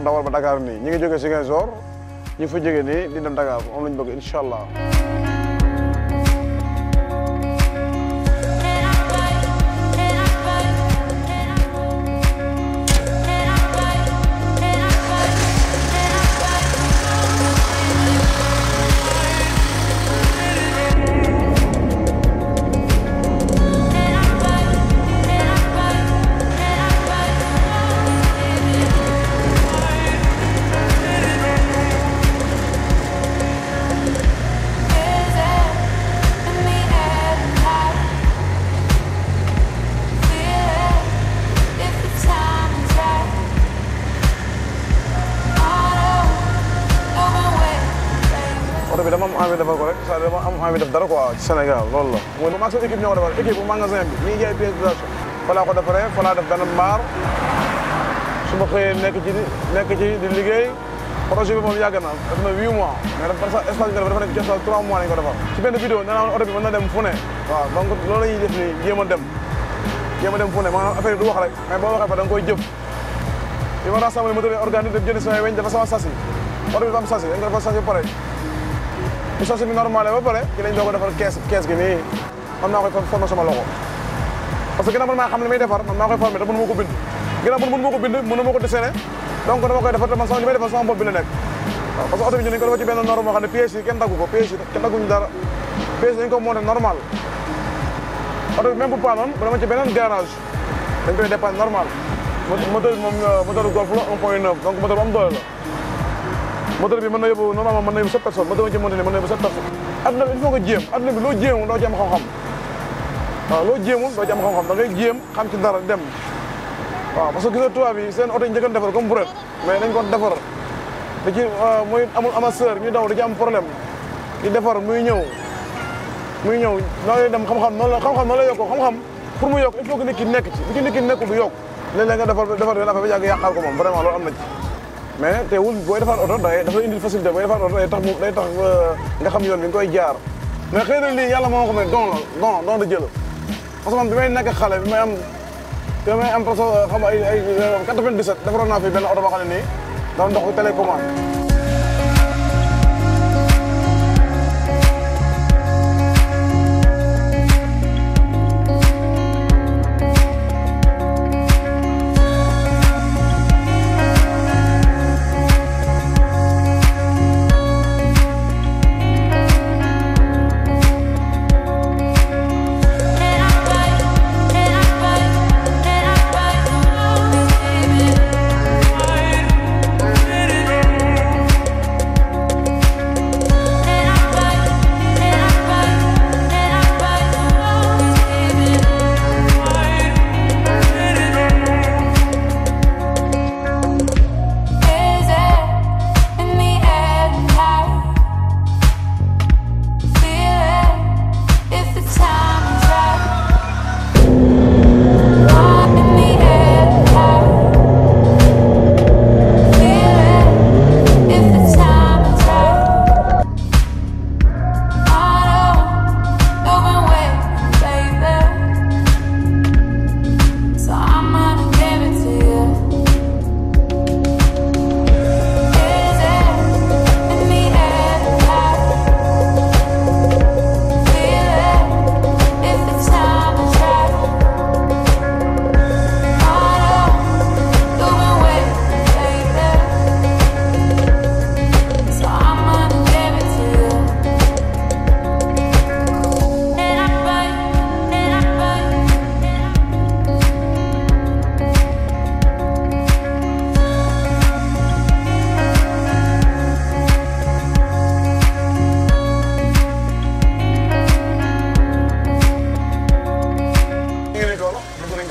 doon dawal ba Dakar nii ñi ngi jógee Ziguinchor ñu fa jógee nii di dem Dakar moom la ñu bëgg incha allah. defal ko rek ça dama am envie def dara quoi ci Sénégal loolu la. mooy ma ak sama équipe ko defal bu magasin bi mi ngi jaay pièces détachées fa laa ko defaree fa laa def benn mbaar su ma xëyee nekk ci nekk ci di liggéey projet bi moom yàgg na def na huit mois mais dafa espace bi nga def dafa ci espace trois na dem fu ne waaw donc loolu la ñuy def nii jéem a dem jéem a dem fu ne du wax rek mais boo waxee fa da nga koy jëf bi ma rassemblé matériel organique dem jënd samay weñ dafa sama sasi oto bi dafa am sasi dañ ko dafa sasi pare Bisa normale normal ya, ki Kita ini juga dapat kees kees gini, nii man performasi koy formé sama loxo parce que ginnaaw man maa xam li may defar man maa koy formé te mënu ma ko bind ginnaaw man mënu ma ko bind mënu ma ko dessiné donc dama koy defar te man sama li normal defar sama bopp bi la gugup waaw parce que oto bi ñu normal Ada bi même bu paanoon bu dama ci beneen garage normal Motor-motor, golf la 1.9 donc moteur bu moteur bi mën na yóbbu normalement mën na na yóbbu sept personnes adduna bi il faut nga jéem adduna bi loo jéemul doo ci waaw loo jéemul doo ci am xam-xam da ngay jéem xam ci dara dem waaw parce que gis nga tubaab yi seen oto yi njëkkoon defar comme mais dañ ko defar da ci euh, mooy amul amasseur ñu daw da am problème di defar muy ñëw muy ñëw noonu lay dem xam-xam noonu la xam-xam noonu yokkoo xam-xam pour mu yokk il faut que nit nekk ci bu ci nit ki du yokk léeg-léeg defar defar yoon affaire bi yàgg yàqaal ko moom vraiment loolu am na ci mais teewul booy defar oto day dafa indil facilité booy defar oto day tax nga xam yoon bi nga koy jaar mais xëy na lii yàlla moo xam ne don la don da jël parce que bi may nekk xale bi may am bi may am parce que xam ay ay 97 defaroon naa fi benn oto boo xam ne nii doon dox télécommande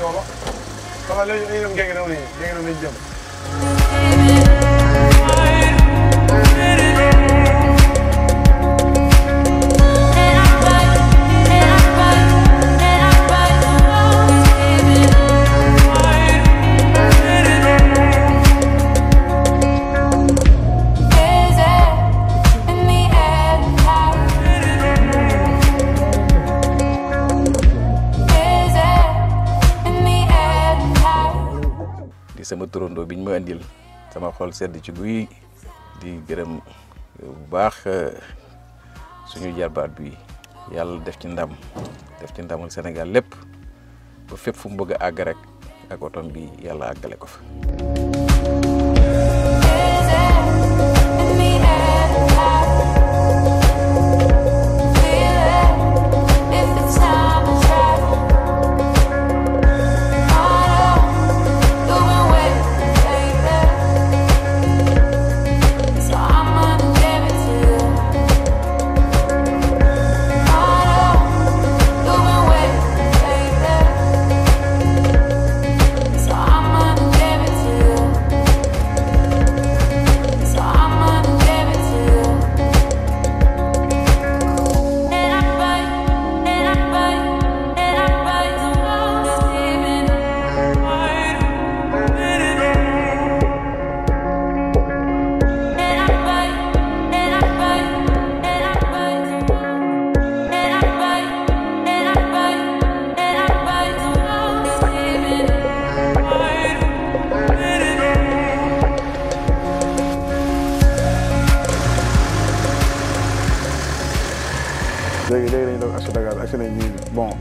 dooba. Sama leñu ñu ngengene woni ngengene woni jëm. sama bi ñu ma indil sama xol sedd ci guy di gërëm bu baax eh, suñu jarbaat bi yàlla def ci ndam def ci ndamul senegal lépp ba fépp fu mu bëgg a àgg rek ak otom bi yàlla àggale ko fa.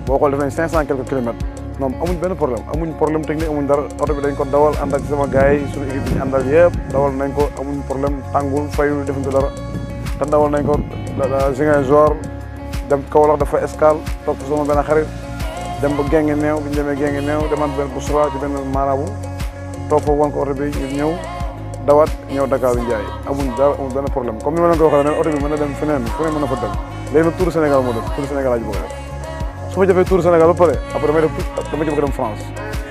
boo xool def nañ cinq cent quelques kilomètres moom amuñ benn problème amuñ problème technique amuñ dara oto ko dawal ànd ak sama gars yi suñu équipe bi ñu àndal yëpp dawal nañ amuñ dara te dawal nañ ko Ziguinchor dem Kaolack dafa benn dem ba Gengi Neew bi toog foofu problème comme ni ma leen ko waxee leen oto bi mën na dem feneen fu ne mën na fa dem léegi nag tour Sénégal moo def tour Sénégal boo ji Sou muito aventuroso, né, galera? Para a primeira, também que eu quero em França.